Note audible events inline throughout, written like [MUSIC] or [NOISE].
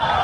you [LAUGHS]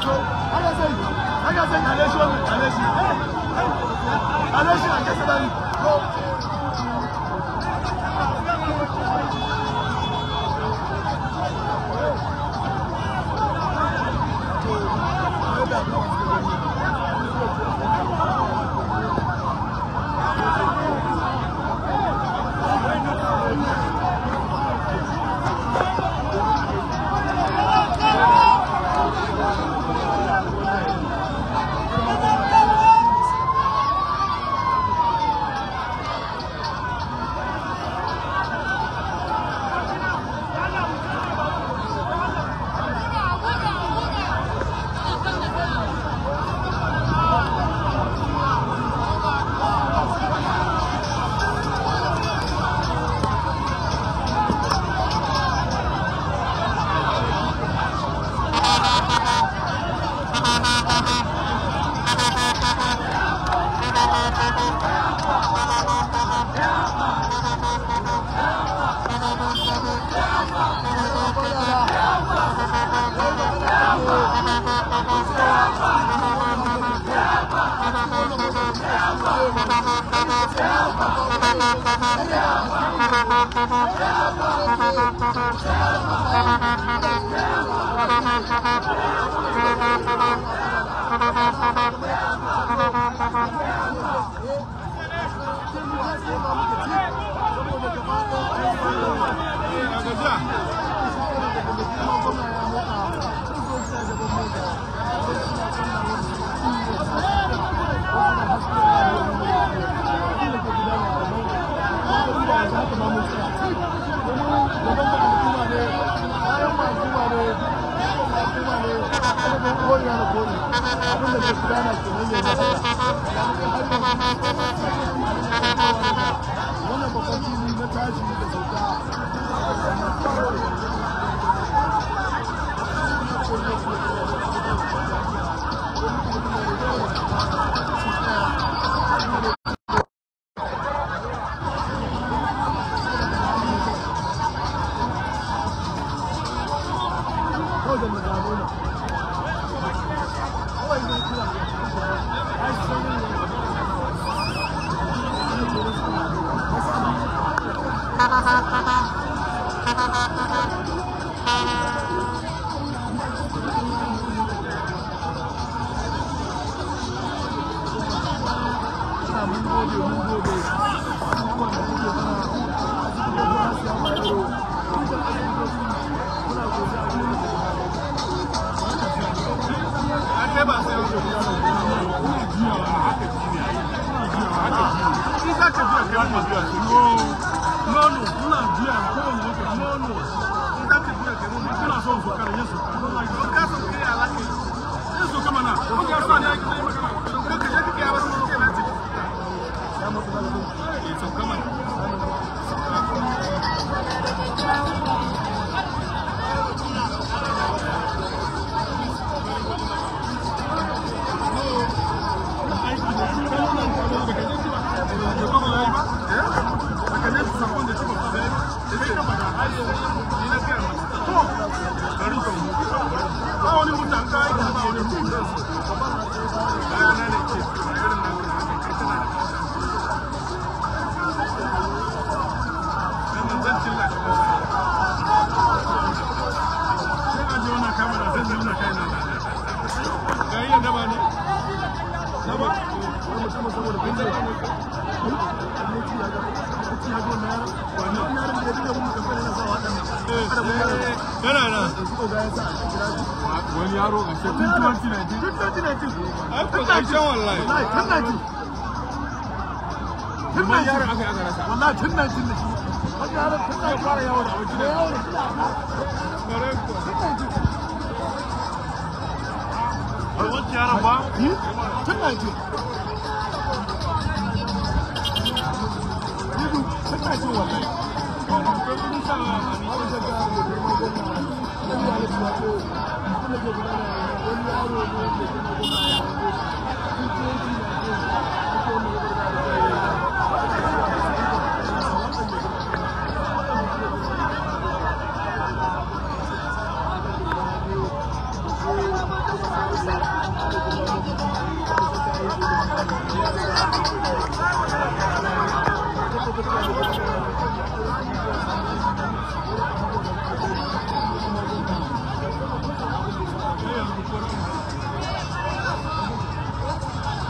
control. Haka sai, haka sai Aleshi, Aleshi, Aleshi, Aleshi, Aleshi, Aleshi, Aleshi, Aleshi, Aleshi,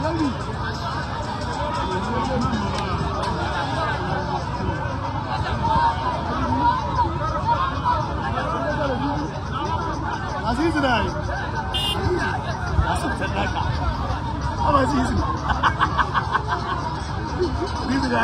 Aziz Rai. Nasıl sadaka? Ama Aziz. Biz de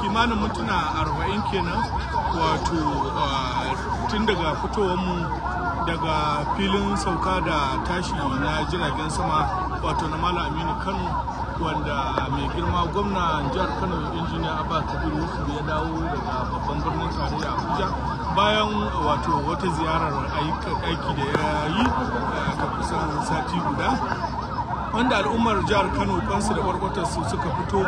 kimanin mintuna ya arba'in kenan wato tun daga fitowarmu daga filin sauka da tashi na jiragen sama wato na malam aminu kano wanda mai girma gwamna jihar kano injiniya abba kabiru ya dawo daga babban birnin tarayya abuja bayan wato wata ziyarar aiki da ya yi eh, a kusan sati guda wanda al'ummar jihar kano kansu da su suka fito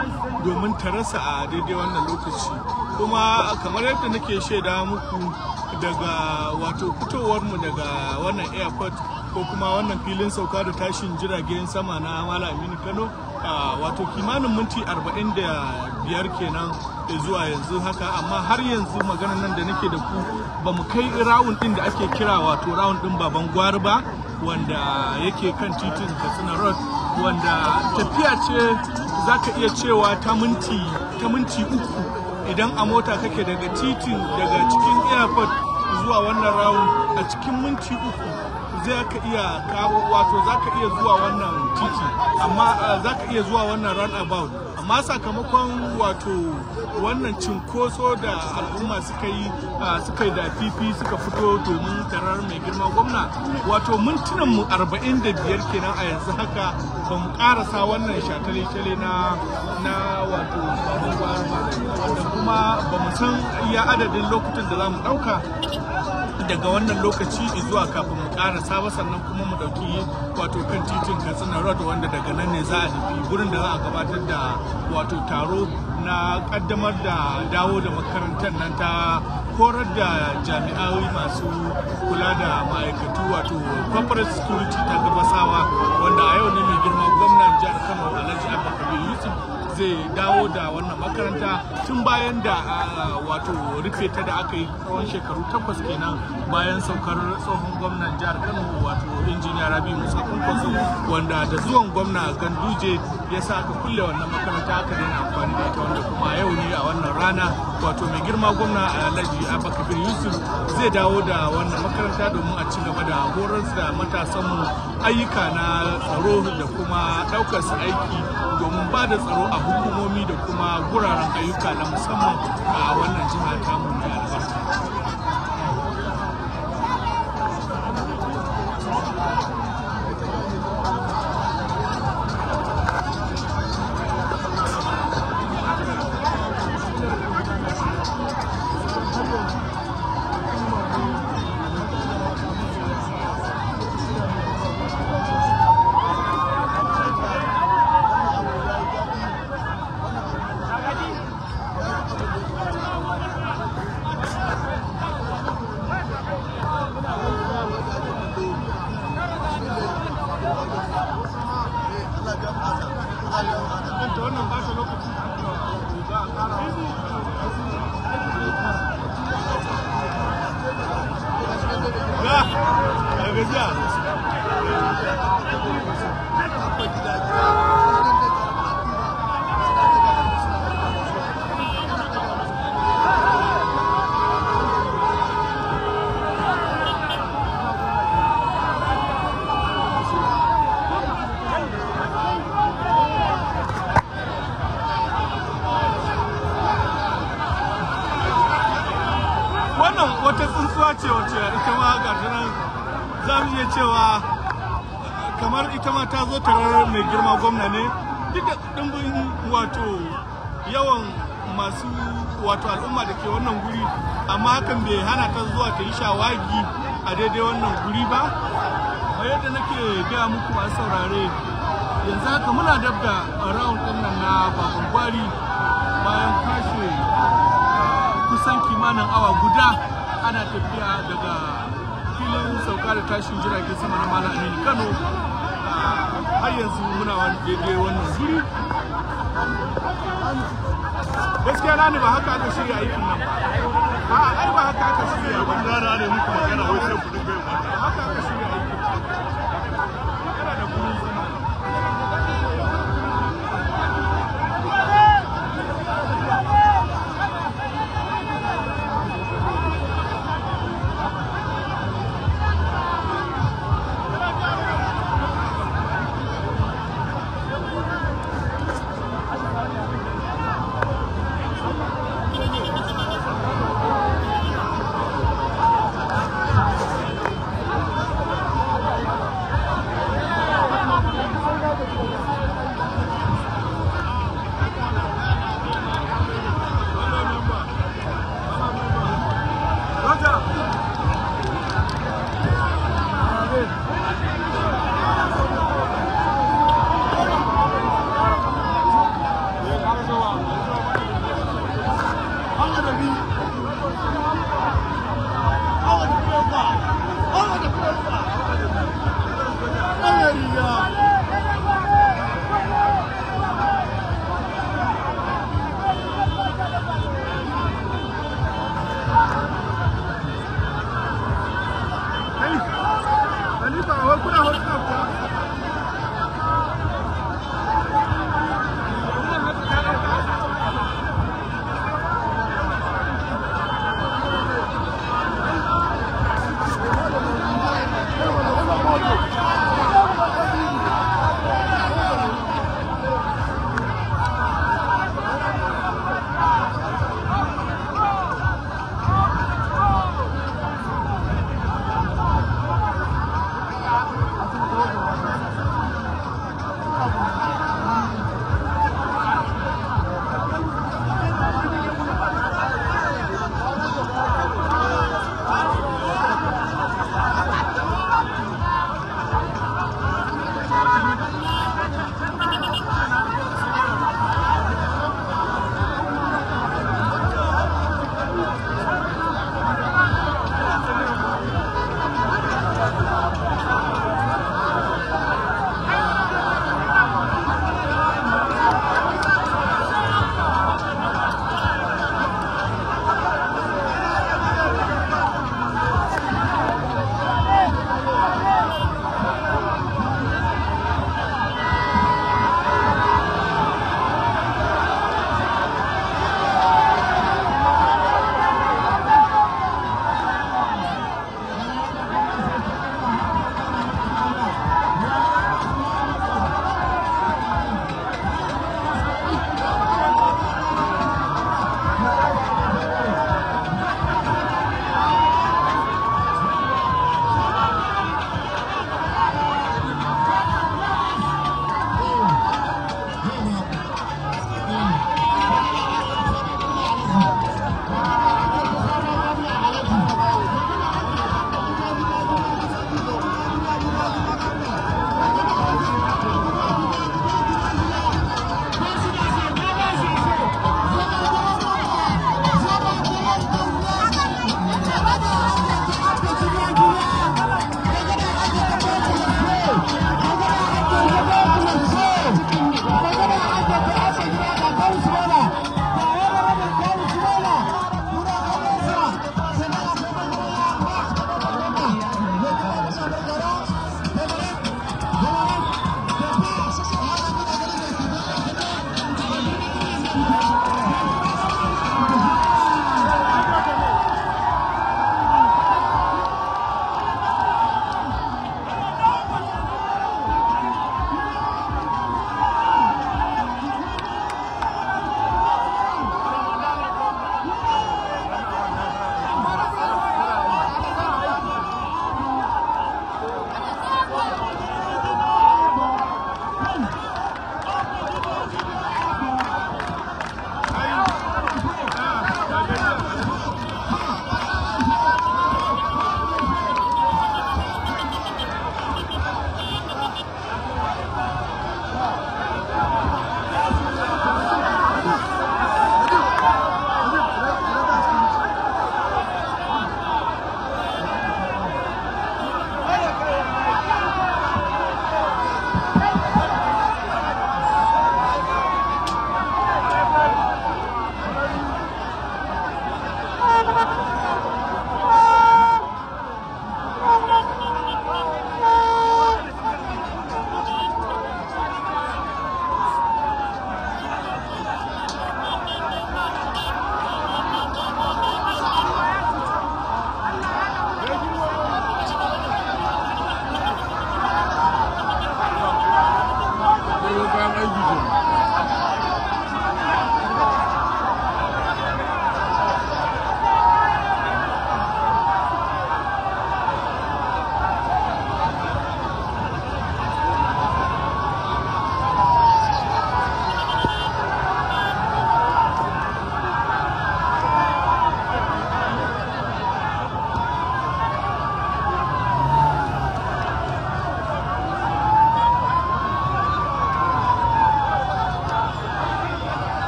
domin ta rasa a daidai wannan lokaci kuma kamar yadda nake shaida muku daga wato fitowarmu daga wannan airport ko kuma wannan filin sauka da tashin jiragen sama na mala aminu kano wato kimanin minti 45 kenan zuwa yanzu haka amma har yanzu maganar nan da nake da ku ba mu kai rawun din da ake kira wato rawun din baban gwari ba wanda yake kan titin katsina road wanda tafiya ce za ka iya cewa ta minti uku idan a mota kake daga titin daga cikin airport zuwa wannan rawun a cikin minti uku zai ka iya kawo wato za ka iya zuwa wannan titi amma eh, za ka iya zuwa wannan runabout amma sakamakon wato wannan cinkoso da al'umma suka yi suka da fifi suka fito domin tarar mai girma gwamna wato mintunan mu 45 kenan a yanzu haka ba mu karasa wannan shatale-shale na na wato kuma ba mu san iya adadin lokutan da za mu ɗauka daga wannan lokaci zuwa kafin mu karasa ba sannan kuma mu dauki wato kan titin katsina road wanda daga nan ne za a nufi gurin da za a gabatar da wato taro na kaddamar da dawo da makarantar nan ta korar da jami'ai masu kula da ma'aikatu wato corporate security ta gabasawa wanda a yau ne mai girma gwamnan jihar kano alhaji abba kabir yusuf zai dawo da wannan makaranta tun bayan da wato rufe ta da aka yi tsawon shekaru takwas kenan bayan saukar tsohon gwamnan jihar kano wato injiniya rabi musa kwankwaso wanda da zuwan gwamna ganduje ya sa aka kulle wannan makaranta aka daina amfani da ita wanda kuma yau ne a wannan rana wato mai girma gwamna alhaji abakabir yusuf zai dawo da wannan makaranta domin a ci gaba da horar da matasanmu ayyuka na tsaro da kuma ɗaukar su aiki domin ba da tsaro a hukumomi da kuma guraren ayyuka na musamman a wannan jihar tamu na ita ma ta zo tarar mai girma gwamna ne duk da ɗimbin wato yawan masu wato al'umma da ke wannan guri amma hakan bai hana ta zuwa ta yi shawagi a daidai wannan guri ba a yadda nake gaya muku a saurare yanzu haka muna dab da rawun ɗinnan na babban gwari bayan kashe ah, kusan kimanin awa guda ana tafiya daga filin sauka da tashin jiragen sama na malam kano har yanzu muna wani daidai wannan guri gaskiya rani ba haka aka shirya aikin nan ba a'a ai ba haka aka shirya ba na ne muku magana wai sai ku dinga yin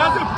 That's a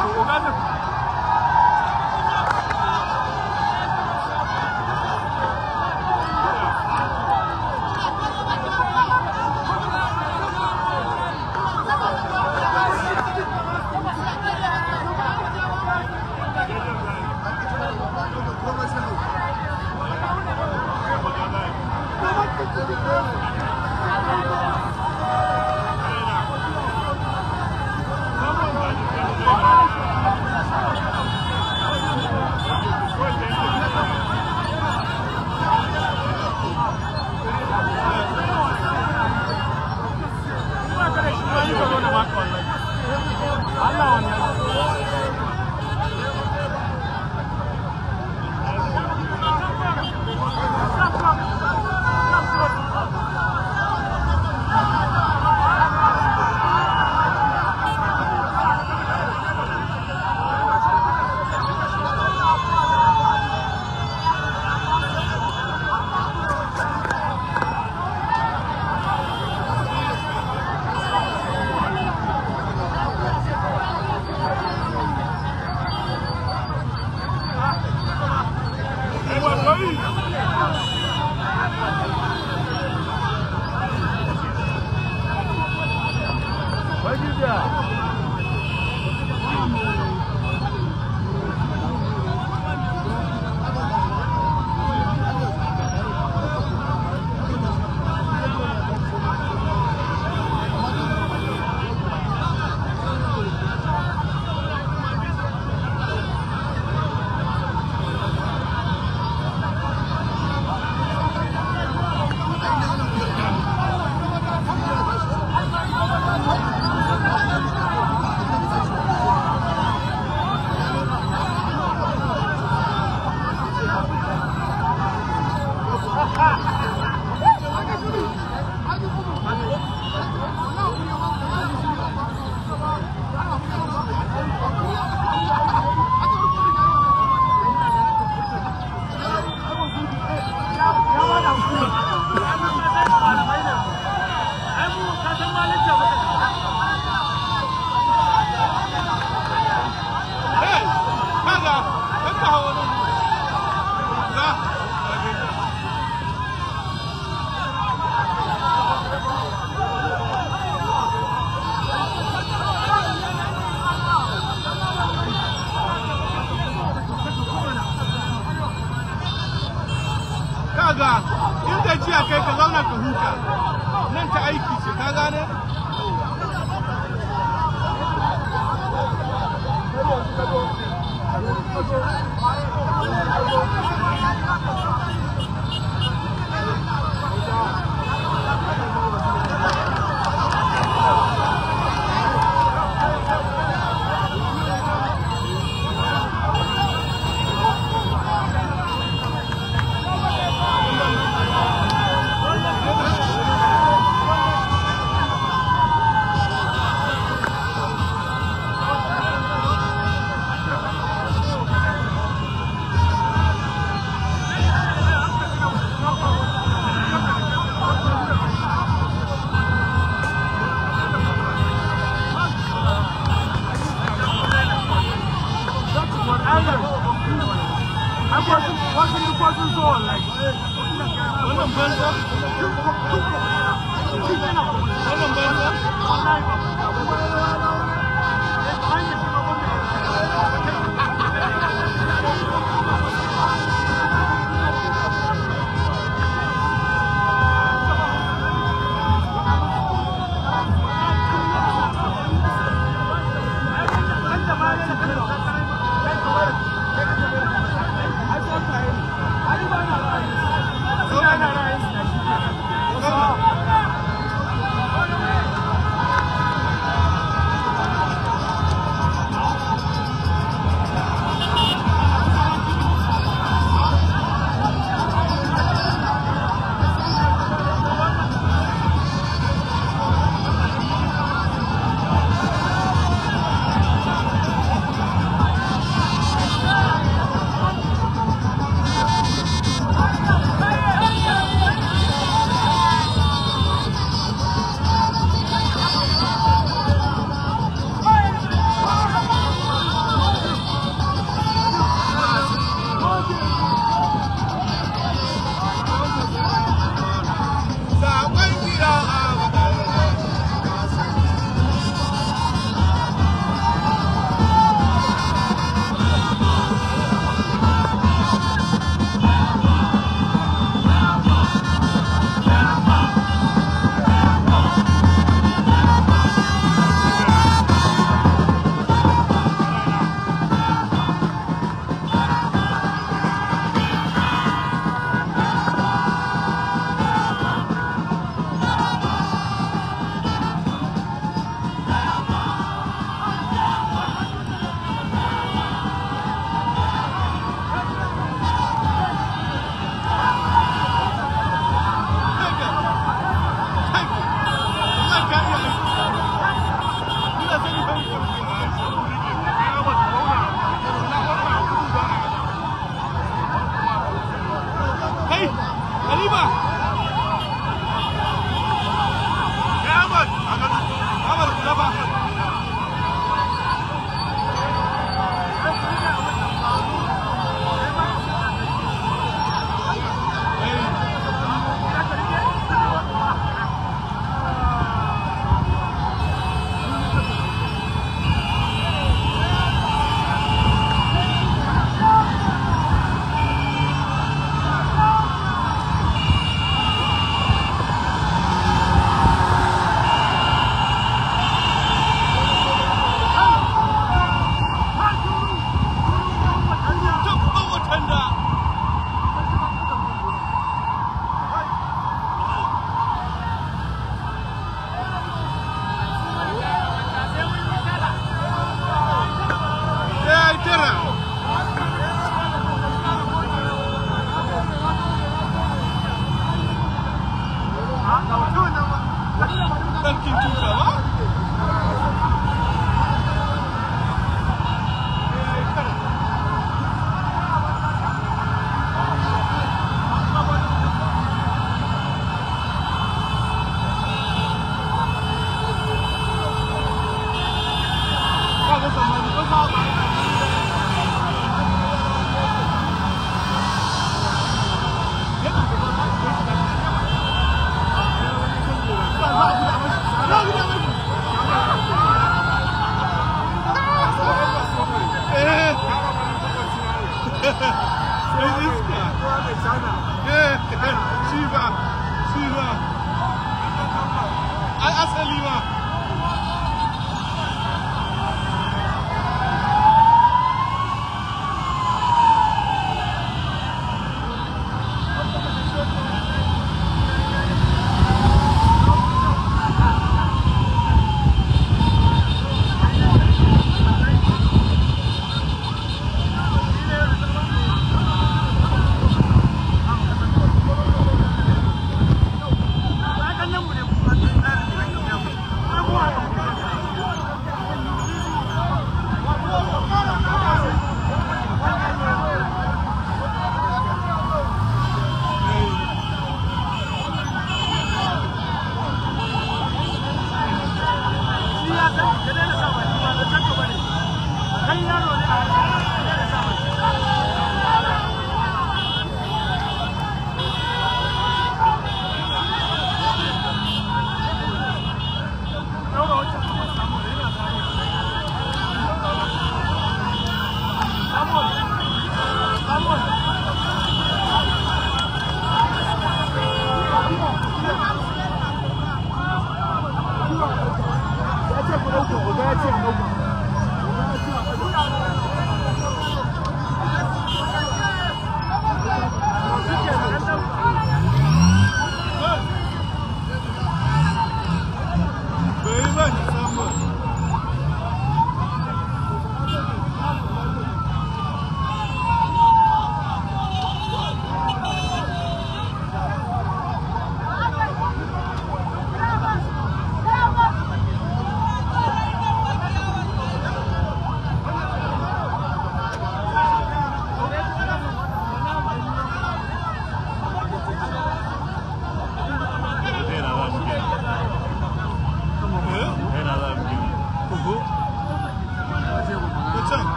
আল্লাহর